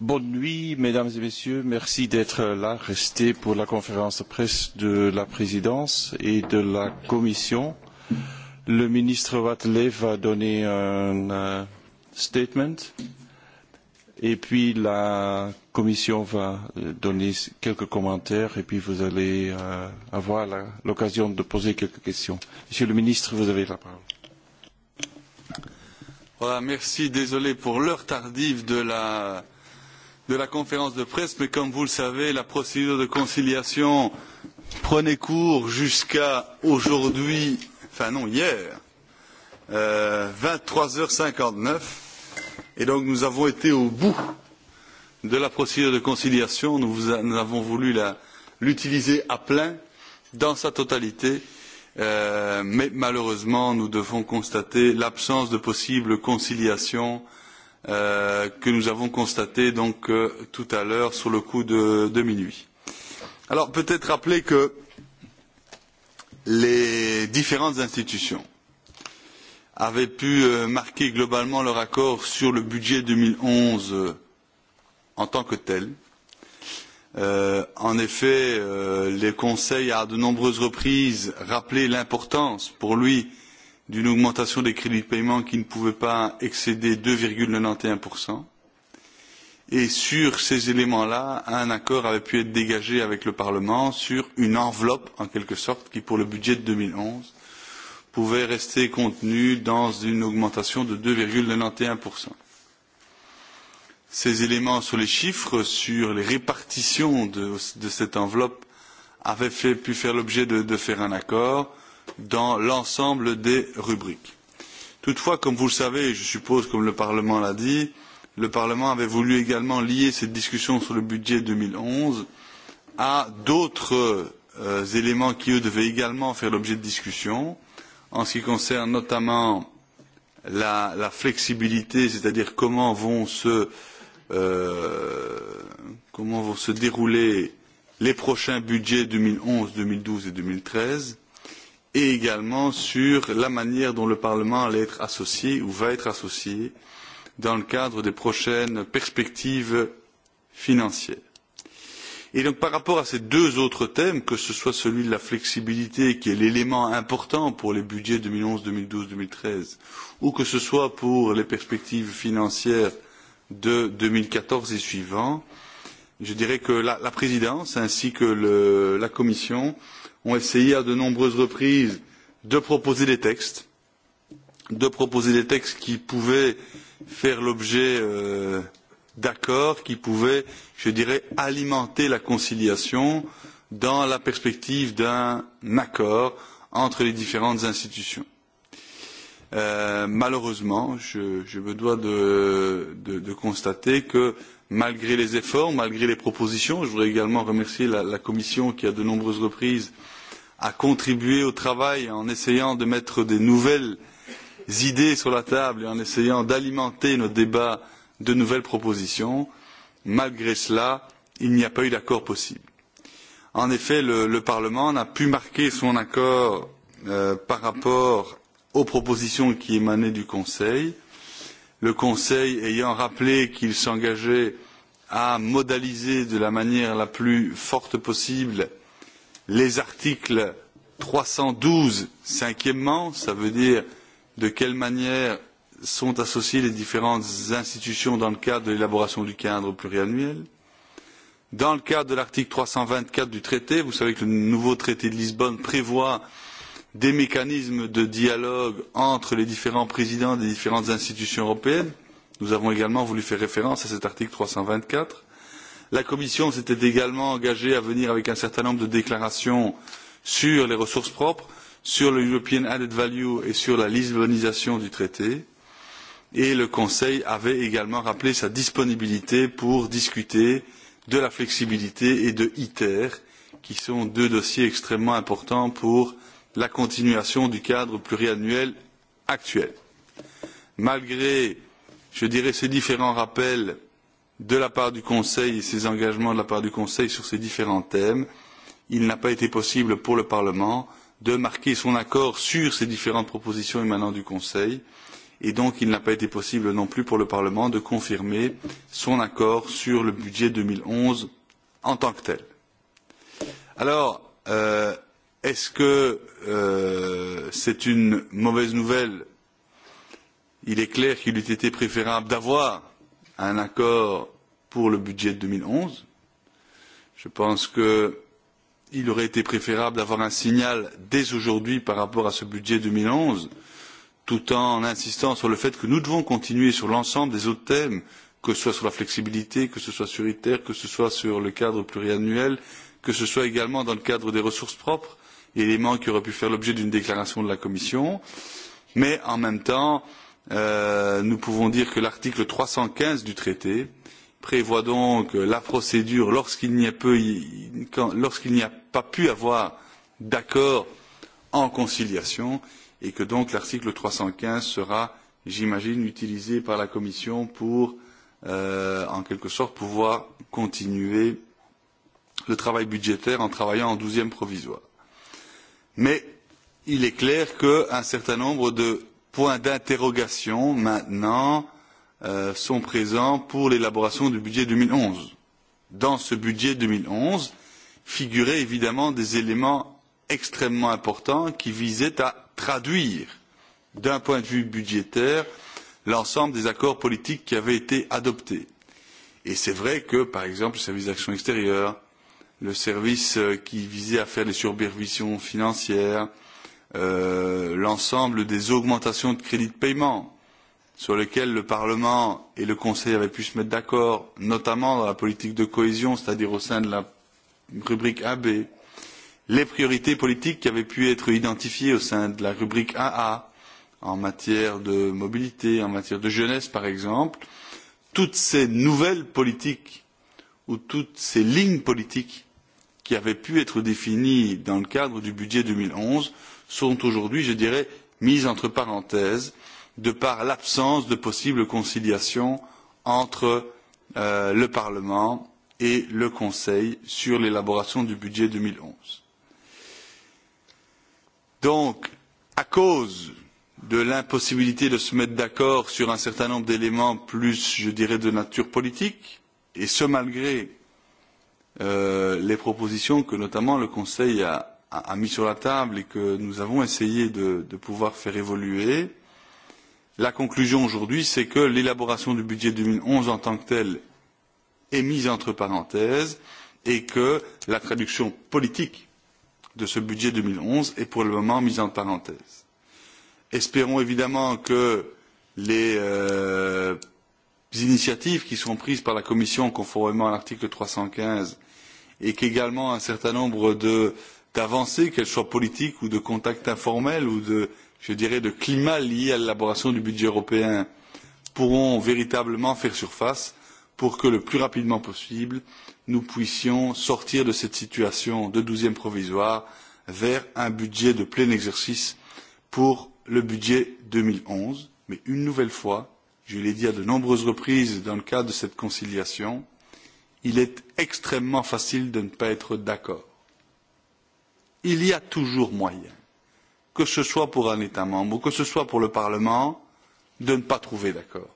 Bonne nuit, mesdames et messieurs. Merci d'être là, restés pour la conférence de presse de la présidence et de la commission. Le ministre Watley va donner un statement et puis la commission va donner quelques commentaires et puis vous allez avoir l'occasion de poser quelques questions. Monsieur le ministre, vous avez la parole. Voilà, merci. Désolé pour l'heure tardive de la de la conférence de presse, mais comme vous le savez, la procédure de conciliation prenait cours jusqu'à aujourd'hui, enfin non, hier, 23h59. Et donc nous avons été au bout de la procédure de conciliation. Nous avons voulu l'utiliser à plein, dans sa totalité. Mais malheureusement, nous devons constater l'absence de possible conciliation que nous avons constaté donc tout à l'heure sur le coup de minuit. Alors peut-être rappeler que les différentes institutions avaient pu marquer globalement leur accord sur le budget 2011 en tant que tel. En effet, le Conseil a à de nombreuses reprises rappelé l'importance pour lui d'une augmentation des crédits de paiement qui ne pouvait pas excéder 2,91%. Et sur ces éléments-là, un accord avait pu être dégagé avec le Parlement sur une enveloppe, en quelque sorte, qui, pour le budget de 2011, pouvait rester contenu dans une augmentation de 2,91%. Ces éléments sur les chiffres, sur les répartitions de cette enveloppe, avaient fait pu faire l'objet de faire un accord dans l'ensemble des rubriques. Toutefois, comme vous le savez, et je suppose comme le Parlement l'a dit, le Parlement avait voulu également lier cette discussion sur le budget 2011 à d'autres éléments qui, eux, devaient également faire l'objet de discussion, en ce qui concerne notamment la flexibilité, c'est-à-dire comment vont se dérouler les prochains budgets 2011, 2012 et 2013, et également sur la manière dont le Parlement allait être associé ou va être associé dans le cadre des prochaines perspectives financières. Et donc par rapport à ces deux autres thèmes, que ce soit celui de la flexibilité, qui est l'élément important pour les budgets 2011, 2012, 2013, ou que ce soit pour les perspectives financières de 2014 et suivants, je dirais que la présidence ainsi que la commission ont essayé à de nombreuses reprises de proposer des textes de proposer des textes qui pouvaient faire l'objet d'accords qui pouvaient je dirais alimenter la conciliation dans la perspective d'un accord entre les différentes institutions. malheureusement je me dois de constater que malgré les efforts, malgré les propositions. Je voudrais également remercier la Commission qui, à de nombreuses reprises, a contribué au travail en essayant de mettre des nouvelles idées sur la table et en essayant d'alimenter nos débats de nouvelles propositions. Malgré cela, il n'y a pas eu d'accord possible. En effet, le Parlement n'a pu marquer son accord par rapport aux propositions qui émanaient du Conseil le Conseil ayant rappelé qu'il s'engageait à modaliser de la manière la plus forte possible les articles trois 312 cinquièmement, ça veut dire de quelle manière sont associées les différentes institutions dans le cadre de l'élaboration du cadre pluriannuel. Dans le cadre de l'article trois cent vingt quatre du traité, vous savez que le nouveau traité de Lisbonne prévoit des mécanismes de dialogue entre les différents présidents des différentes institutions européennes. Nous avons également voulu faire référence à cet article trois cent vingt quatre. La Commission s'était également engagée à venir avec un certain nombre de déclarations sur les ressources propres, sur le European Added Value et sur la lisbonisation du traité. Et le Conseil avait également rappelé sa disponibilité pour discuter de la flexibilité et de ITER, qui sont deux dossiers extrêmement importants pour la continuation du cadre pluriannuel actuel. Malgré, je dirais, ces différents rappels de la part du Conseil et ces engagements de la part du Conseil sur ces différents thèmes, il n'a pas été possible pour le Parlement de marquer son accord sur ces différentes propositions émanant du Conseil et donc il n'a pas été possible non plus pour le Parlement de confirmer son accord sur le budget 2011 en tant que tel. Alors, Est-ce que c'est une mauvaise nouvelle Il est clair qu'il eût été préférable d'avoir un accord pour le budget de 2011. Je pense qu'il aurait été préférable d'avoir un signal dès aujourd'hui par rapport à ce budget 2011, tout en insistant sur le fait que nous devons continuer sur l'ensemble des autres thèmes, que ce soit sur la flexibilité, que ce soit sur ITER, que ce soit sur le cadre pluriannuel, que ce soit également dans le cadre des ressources propres éléments qui aurait pu faire l'objet d'une déclaration de la Commission, mais en même temps, nous pouvons dire que l'article 315 du traité prévoit donc la procédure lorsqu'il n'y a pas pu avoir d'accord en conciliation et que donc l'article 315 sera, j'imagine, utilisé par la Commission pour, en quelque sorte, pouvoir continuer le travail budgétaire en travaillant en douzième provisoire mais il est clair qu'un certain nombre de points d'interrogation maintenant sont présents pour l'élaboration du budget 2011. Dans ce budget 2011 figuraient évidemment des éléments extrêmement importants qui visaient à traduire d'un point de vue budgétaire l'ensemble des accords politiques qui avaient été adoptés. Et c'est vrai que, par exemple, le service d'action extérieure, le service qui visait à faire les supervisions financières, l'ensemble des augmentations de crédits de paiement sur lesquelles le Parlement et le Conseil avaient pu se mettre d'accord, notamment dans la politique de cohésion, c'est-à-dire au sein de la rubrique AB, les priorités politiques qui avaient pu être identifiées au sein de la rubrique AA en matière de mobilité, en matière de jeunesse par exemple, toutes ces nouvelles politiques ou toutes ces lignes politiques qui avaient pu être définies dans le cadre du budget 2011 sont aujourd'hui, je dirais, mises entre parenthèses de par l'absence de possible conciliation entre le Parlement et le Conseil sur l'élaboration du budget 2011. Donc, à cause de l'impossibilité de se mettre d'accord sur un certain nombre d'éléments plus, je dirais, de nature politique, et ce malgré les propositions que notamment le Conseil a mis sur la table et que nous avons essayé de pouvoir faire évoluer. La conclusion aujourd'hui, c'est que l'élaboration du budget 2011 en tant que tel est mise entre parenthèses et que la traduction politique de ce budget 2011 est pour le moment mise en parenthèse. Espérons évidemment que les initiatives qui sont prises par la Commission conformément à l'article 315 et qu'également un certain nombre d'avancées, qu'elles soient politiques ou de contacts informels ou de, je dirais, de climat lié à l'élaboration du budget européen, pourront véritablement faire surface pour que le plus rapidement possible, nous puissions sortir de cette situation de douzième provisoire vers un budget de plein exercice pour le budget 2011. Mais une nouvelle fois, je l'ai dit à de nombreuses reprises dans le cadre de cette conciliation, il est extrêmement facile de ne pas être d'accord. Il y a toujours moyen, que ce soit pour un État membre ou que ce soit pour le Parlement, de ne pas trouver d'accord.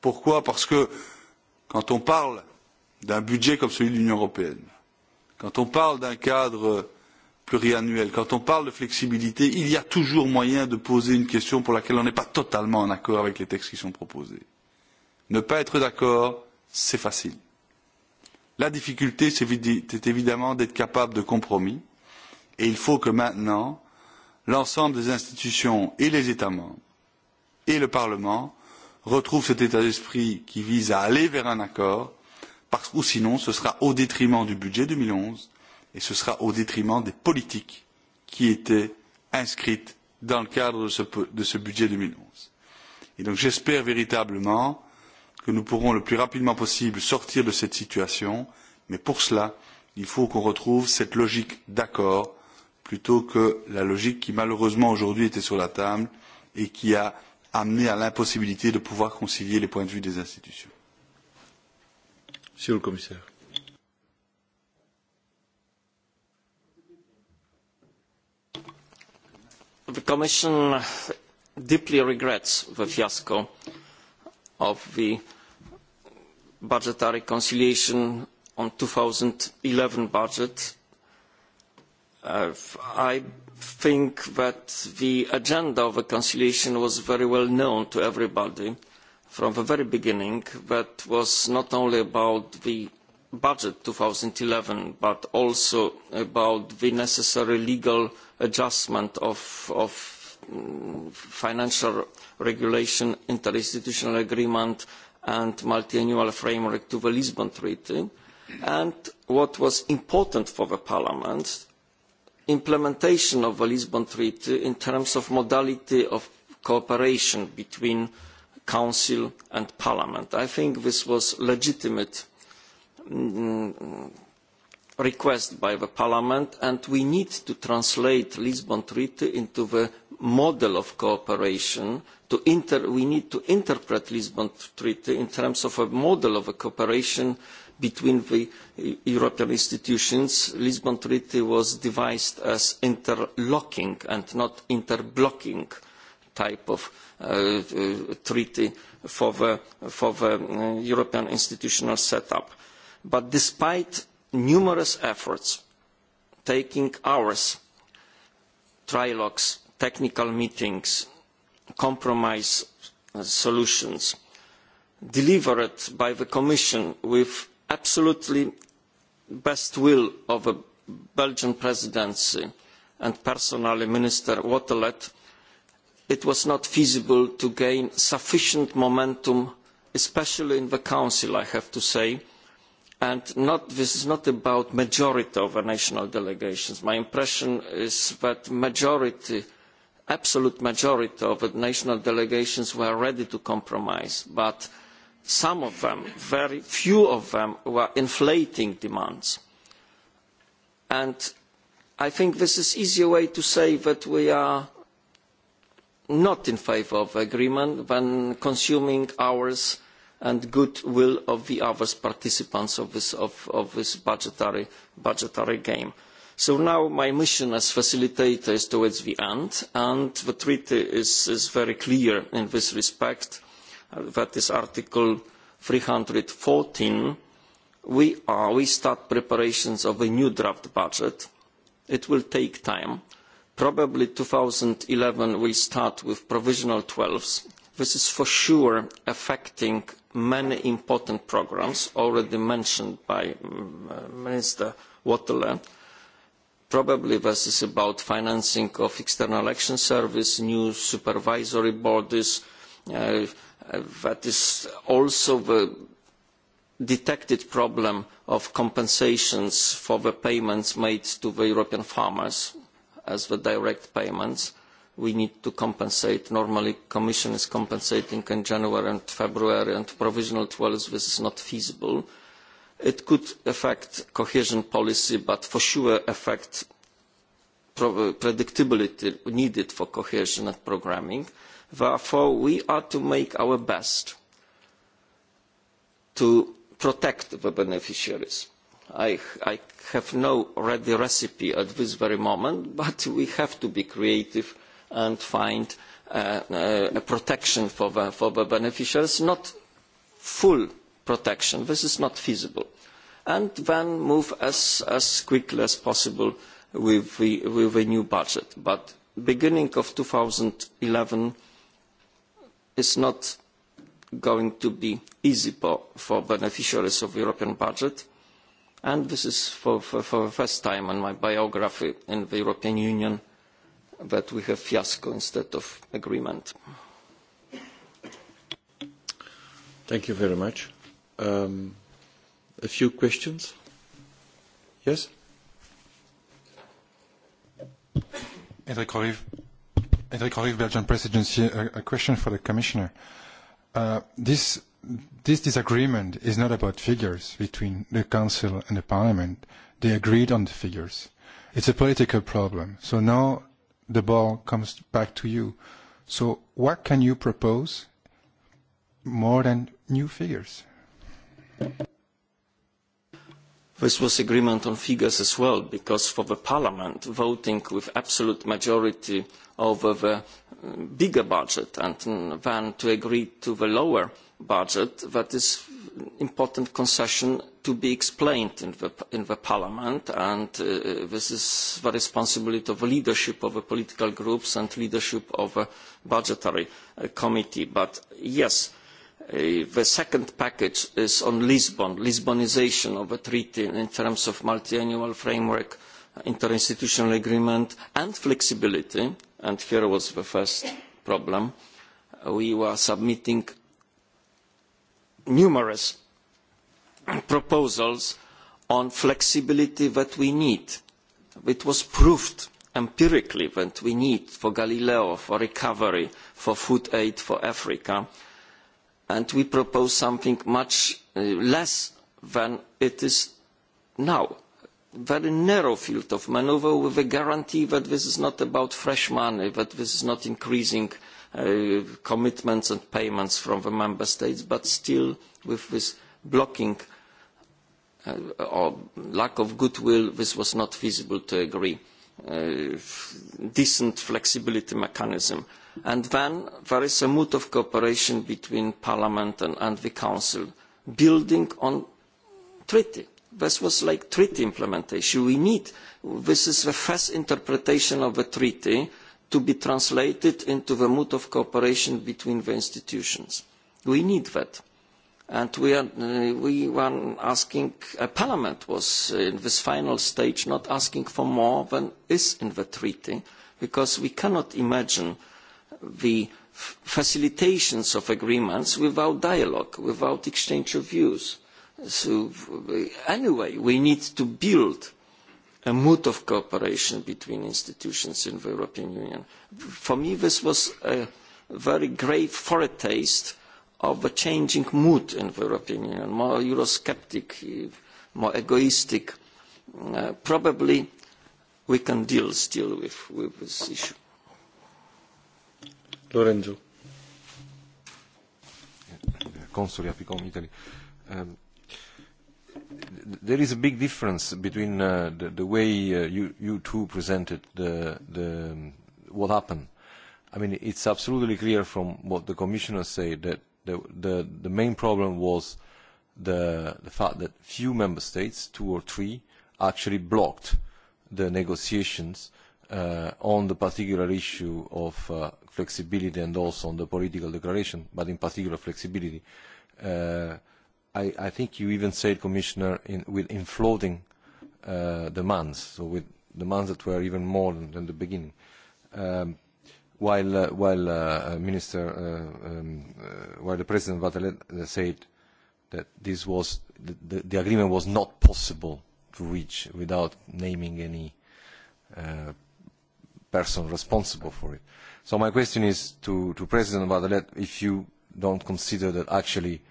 Pourquoi Parce que quand on parle d'un budget comme celui de l'Union européenne, quand on parle d'un cadre pluriannuel, quand on parle de flexibilité, il y a toujours moyen de poser une question pour laquelle on n'est pas totalement en accord avec les textes qui sont proposés. Ne pas être d'accord, c'est facile. La difficulté, c'est évidemment d'être capable de compromis, et il faut que maintenant, l'ensemble des institutions et les États membres et le Parlement retrouvent cet état d'esprit qui vise à aller vers un accord, parce que sinon, ce sera au détriment du budget 2011 et ce sera au détriment des politiques qui étaient inscrites dans le cadre de ce budget 2011. Et donc, j'espère véritablement que nous pourrons le plus rapidement possible sortir de cette situation, mais pour cela, il faut qu'on retrouve cette logique d'accord plutôt que la logique qui malheureusement aujourd'hui était sur la table et qui a amené à l'impossibilité de pouvoir concilier les points de vue des institutions. Monsieur le commissaire. The Commission deeply regrets the fiasco of the budgetary conciliation on 2011 budget. I think that the agenda of the conciliation was very well known to everybody from the very beginning. That was not only about the budget 2011, but also about the necessary legal adjustment of financial regulation, interinstitutional agreement and multiannual framework to the Lisbon Treaty. And what was important for the Parliament, implementation of the Lisbon Treaty in terms of modality of cooperation between Council and Parliament. I think this was legitimate request by the Parliament and we need to translate Lisbon Treaty into the model of cooperation we need to interpret the lisbon treaty in terms of a model of cooperation between the european institutions. the lisbon treaty was devised as interlocking and not interblocking type of treaty for the european institutional setup. but despite numerous efforts taking hours trilogues technical meetings, compromise solutions delivered by the Commission with absolutely best will of the Belgian Presidency and personally Minister Waterlet, it was not feasible to gain sufficient momentum, especially in the Council, I have to say, and this is not about majority of the national delegations. My impression is that majority absolute majority of the national delegations were ready to compromise, but some of them, very few of them, were inflating demands. And I think this is an easier way to say that we are not in favour of agreement than consuming hours and goodwill of the other participants of this budgetary game. So now my mission as facilitator is towards the end, and the treaty is very clear in this respect. That is Article 314. We start preparations of a new draft budget. It will take time. Probably 2011 will start with provisional 12s. This is for sure affecting many important programmes already mentioned by Minister Waterland probably this is about financing of external action service, new supervisory bodies. That is also the detected problem of compensations for the payments made to the European farmers as the direct payments. We need to compensate. Normally, the Commission is compensating in January and February, and provisional 12, this is not feasible It could affect cohesion policy, but for sure affect predictability needed for cohesion and programming. Therefore, we are to make our best to protect the beneficiaries. I have no ready recipe at this very moment, but we have to be creative and find a protection for the beneficiaries, not full protection. This is not feasible. And then move as quickly as possible with a new budget. But beginning of 2011 is not going to be easy for beneficiaries of the European budget. And this is for the first time in my biography in the European Union that we have fiasco instead of agreement. Thank you very much a few questions. Yes? Edric Belgian Presidency. A question for the Commissioner. This disagreement is not about figures between the Council and the Parliament. They agreed on the figures. It's a political problem. So now the ball comes back to you. So what can you propose more than new figures? This was agreement on figures as well, because for the Parliament, voting with absolute majority over the bigger budget and then to agree to the lower budget, that is important concession to be explained in the Parliament, and this is the responsibility of the leadership of the political groups and leadership of the budgetary committee. But yes The second package is on Lisbon, Lisbonisation of the treaty in terms of multiannual framework, interinstitutional agreement and flexibility. And here was the first problem. We were submitting numerous proposals on flexibility that we need. It was proved empirically that we need for Galileo, for recovery, for food aid for Africa and we propose something much less than it is now. A very narrow field of manoeuvre with a guarantee that this is not about fresh money, that this is not increasing commitments and payments from the member states, but still with this blocking or lack of goodwill, this was not feasible to agree a decent flexibility mechanism. And then there is a mood of cooperation between Parliament and the Council, building on treaty. This was like treaty implementation. We need, this is the first interpretation of the treaty to be translated into the mood of cooperation between the institutions. We need that. And we were asking, Parliament was in this final stage not asking for more than is in the treaty, because we cannot imagine the facilitations of agreements without dialogue, without exchange of views. So anyway, we need to build a mood of cooperation between institutions in the European Union. For me, this was a very grave foretaste of the changing mood in the European Union, more Eurosceptic, more egoistic. Probably we can deal still with this issue. Lorenzo. Consul Italy. There is a big difference between the way you two presented what happened. I mean, it's absolutely clear from what the Commissioner said that the the main problem was the the fact that few member states two or three actually blocked the negotiations on the particular issue of flexibility and also on the political declaration but in particular flexibility i i think you even said commissioner in with in floating demands so with demands that were even more than the beginning while while minister while the president Vatalet said that this was the agreement was not possible to reach without naming any person responsible for it so my question is to to president Vatalet if you don't consider that actually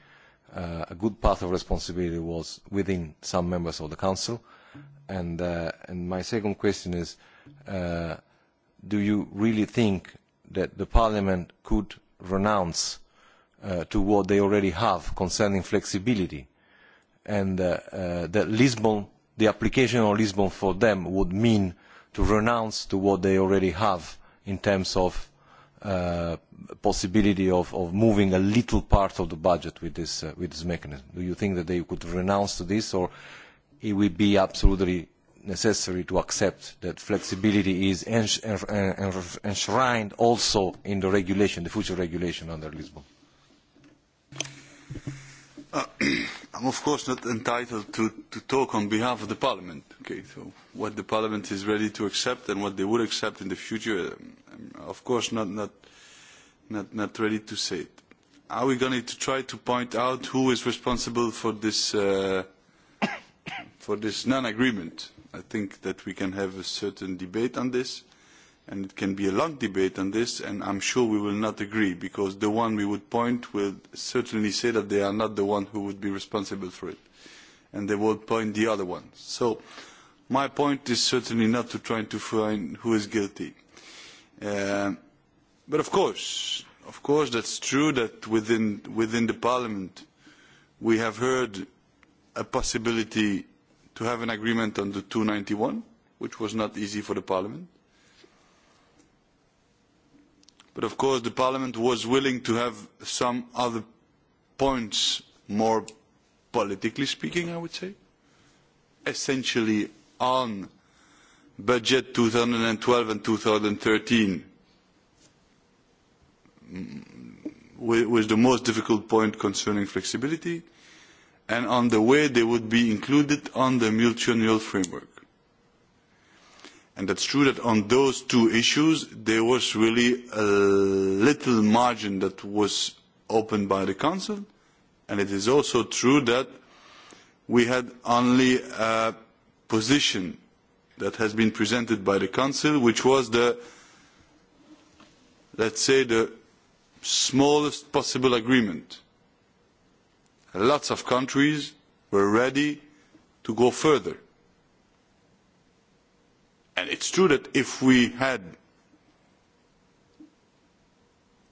a good part of responsibility was within some members of the council and and my second question is do you really think that the Parliament could renounce to what they already have concerning flexibility and that Lisbon, the application of Lisbon for them would mean to renounce to what they already have in terms of possibility of moving a little part of the budget with this mechanism. Do you think that they could renounce to this or it would be absolutely necessary to accept that flexibility is enshrined also in the regulation, the future regulation under Lisbon? I'm of course not entitled to talk on behalf of the Parliament. Okay, so what the Parliament is ready to accept and what they would accept in the future, I'm of course not not not not ready to say it. Are we going to try to point out who is responsible for this for this non-agreement? I think that we can have a certain debate on this, and it can be a long debate on this, and I'm sure we will not agree, because the one we would point will certainly say that they are not the one who would be responsible for it, and they will point the other one. So my point is certainly not to try to find who is guilty. But of course, of course, that's true that within within the Parliament we have heard a possibility to have an agreement on the 291, which was not easy for the Parliament. But of course, the Parliament was willing to have some other points, more politically speaking, I would say, essentially on budget 2012 and 2013 was the most difficult point concerning flexibility and on the way they would be included on the multiannual framework. And is true that on those two issues there was really a little margin that was opened by the Council, and it is also true that we had only a position that has been presented by the Council, which was the, let's say, the smallest possible agreement lots of countries were ready to go further. And it's true that if we had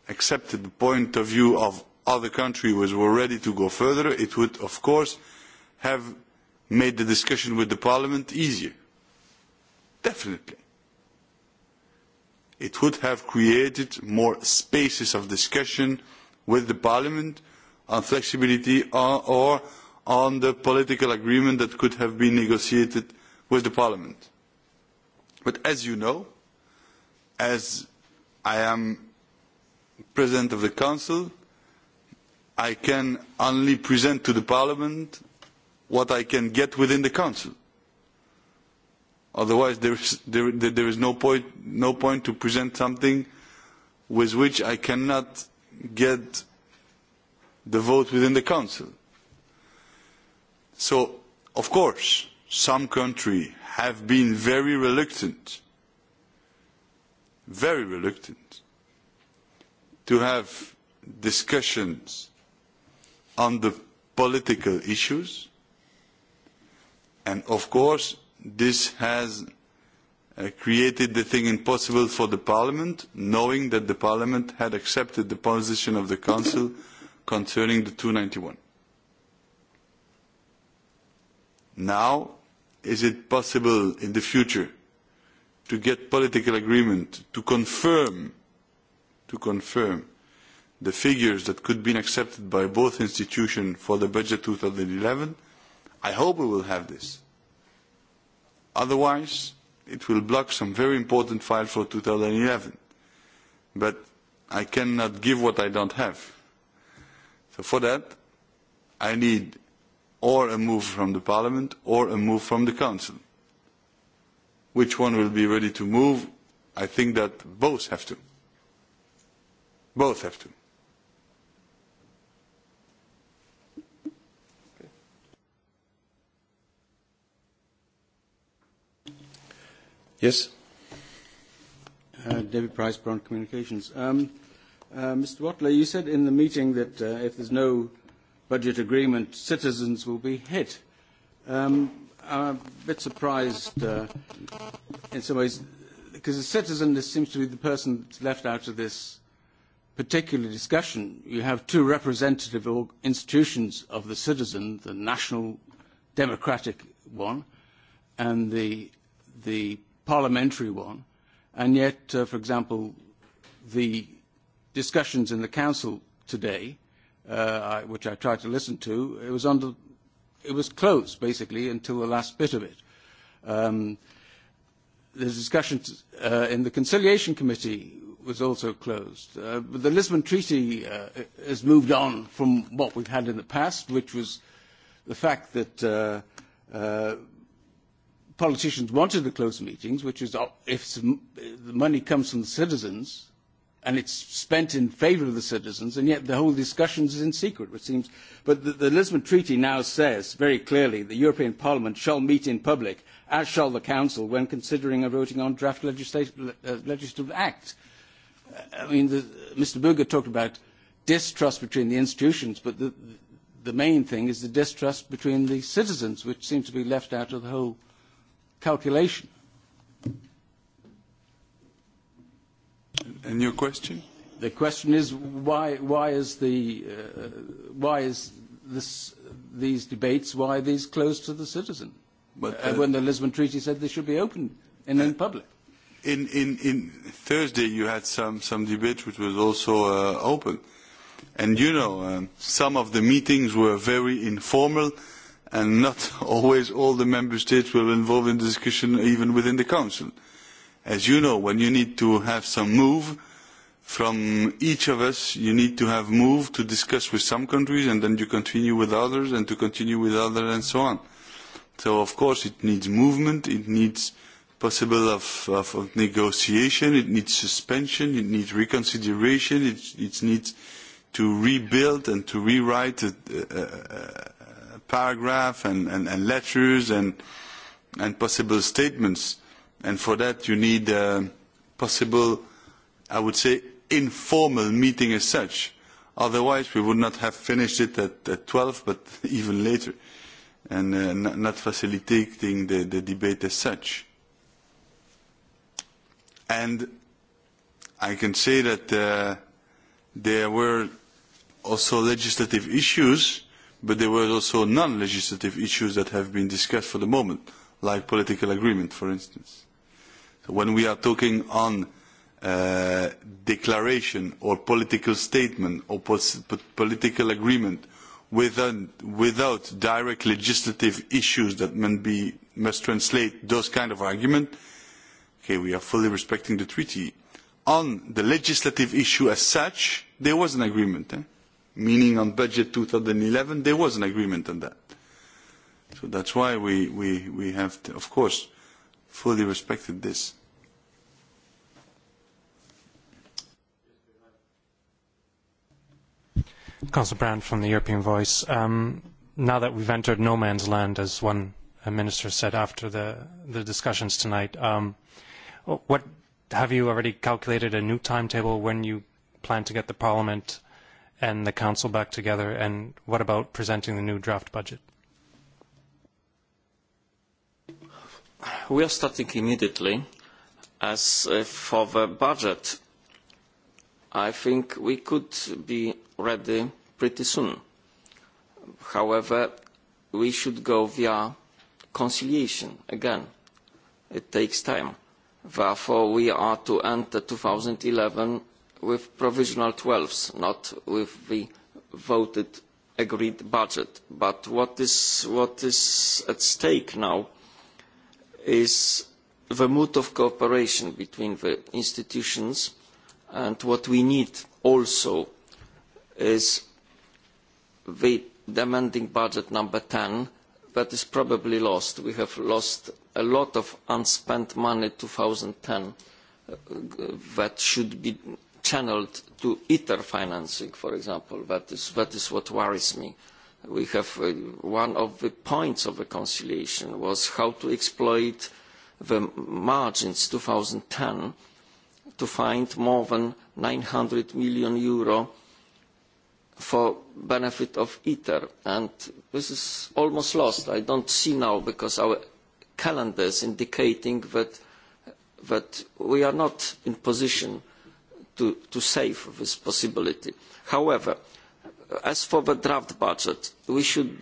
accepted the point of view of other countries which were ready to go further, it would, of course, have made the discussion with the Parliament easier. Definitely. It would have created more spaces of discussion with the Parliament on flexibility or on the political agreement that could have been negotiated with the Parliament. But as you know, as I am President of the Council, I can only present to the Parliament what I can get within the Council. Otherwise, there is no point to present something with which I cannot get the vote within the Council. So, of course, some countries have been very reluctant, very reluctant, to have discussions on the political issues, and of course this has created the thing impossible for the Parliament, knowing that the Parliament had accepted the position of the Council concerning the 291. Now, is it possible in the future to get political agreement to confirm to confirm the figures that could be accepted by both institutions for the budget 2011? I hope we will have this. Otherwise, it will block some very important files for 2011. But I cannot give what I don't have for that, I need or a move from the Parliament or a move from the Council. Which one will be ready to move? I think that both have to. Both have to. Yes. David Price, Brown Communications. Mr. Watley, you said in the meeting that if there's no budget agreement, citizens will be hit. I'm a bit surprised in some ways, because a citizen seems to be the person that's left out of this particular discussion. You have two representative institutions of the citizen, the national democratic one and the parliamentary one, and yet, for example, the discussions in the Council today, which I tried to listen to, it was under it was closed basically until the last bit of it. The discussion in the Conciliation Committee was also closed. But the Lisbon Treaty has moved on from what we've had in the past, which was the fact that politicians wanted the close meetings, which is if the money comes from the citizens and it's spent in favour of the citizens, and yet the whole discussion is in secret, which seems. But the Lisbon Treaty now says very clearly the European Parliament shall meet in public, as shall the Council, when considering a voting on draft legislative act. I mean, Mr. Burger talked about distrust between the institutions, but the main thing is the distrust between the citizens, which seems to be left out of the whole calculation. And your question? The question is why why is the why is this these debates why are these closed to the citizen? When the Lisbon Treaty said they should be open and in public. In in in Thursday you had some some debate which was also open, and you know some of the meetings were very informal, and not always all the member states were involved in the discussion even within the Council as you know, when you need to have some move from each of us, you need to have move to discuss with some countries, and then you continue with others, and to continue with others, and so on. So, of course, it needs movement, it needs possible of negotiation, it needs suspension, it needs reconsideration, it needs to rebuild and to rewrite a paragraph and letters and possible statements and for that you need a possible i would say informal meeting as such otherwise we would not have finished it at 12 but even later and not facilitating the debate as such and i can say that there were also legislative issues but there were also non legislative issues that have been discussed for the moment like political agreement for instance when we are talking on declaration or political statement or political agreement without direct legislative issues that must translate those kind of arguments, okay, we are fully respecting the treaty. On the legislative issue as such, there was an agreement. Meaning on budget 2011, there was an agreement on that. So that's why we have, of course, fully respected this. Council Brand from the European Voice. Now that we've entered no man's land, as one minister said after the discussions tonight, what have you already calculated a new timetable when you plan to get the Parliament and the Council back together, and what about presenting the new draft budget? We are starting immediately. As for the budget, I think we could be ready pretty soon. However, we should go via conciliation again. It takes time. Therefore, we are to enter 2011 with provisional 12s, not with the voted agreed budget. But what is at stake now is the mood of cooperation between the institutions and what we need also is the demanding budget number 10 that is probably lost. We have lost a lot of unspent money 2010 that should be channeled to ITER financing, for example. That is what worries me. We have one of the points of the conciliation was how to exploit the margins 2010 to find more than 900 million euro for benefit of ITER. And this is almost lost. I don't see now because our calendar is indicating that we are not in position to save this possibility. However, as for the draft budget, we should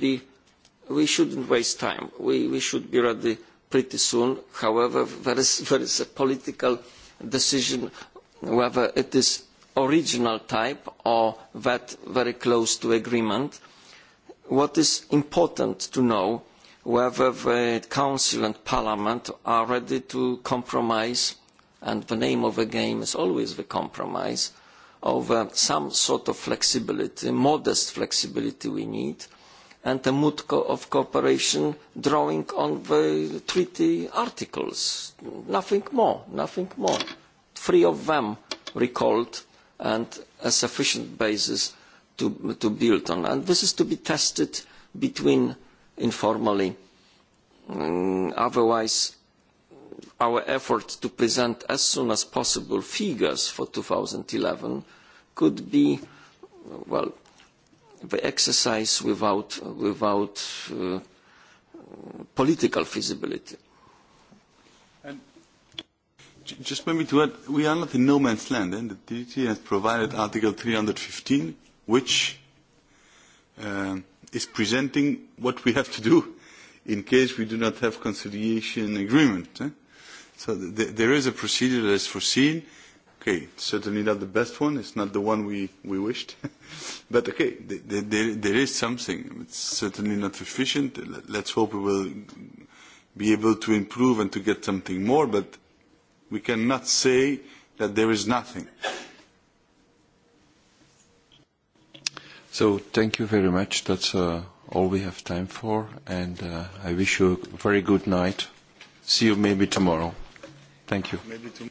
shouldn't waste time. We should be ready pretty soon. However, there is a political decision whether it is original type or that very close to agreement. What is important to know whether the Council and Parliament are ready to compromise, and the name of the game is always the compromise, over some sort of flexibility, modest flexibility we need, and a mood of cooperation drawing on the treaty articles. Nothing more, nothing more. Three of them recalled and a sufficient basis to build on. And this is to be tested between informally. Otherwise, our effort to present as soon as possible figures for 2011 could be, well, the exercise without political feasibility. Just me to add, we are not in no man's land. And the treaty has provided Article 315, which is presenting what we have to do in case we do not have conciliation agreement. So there is a procedure that is foreseen. Okay, certainly not the best one. It's not the one we we wished. But okay, there is something. It's certainly not sufficient. Let's hope we will be able to improve and to get something more. But We cannot say that there is nothing. So thank you very much. That's all we have time for, and I wish you a very good night. See you maybe tomorrow. Thank you.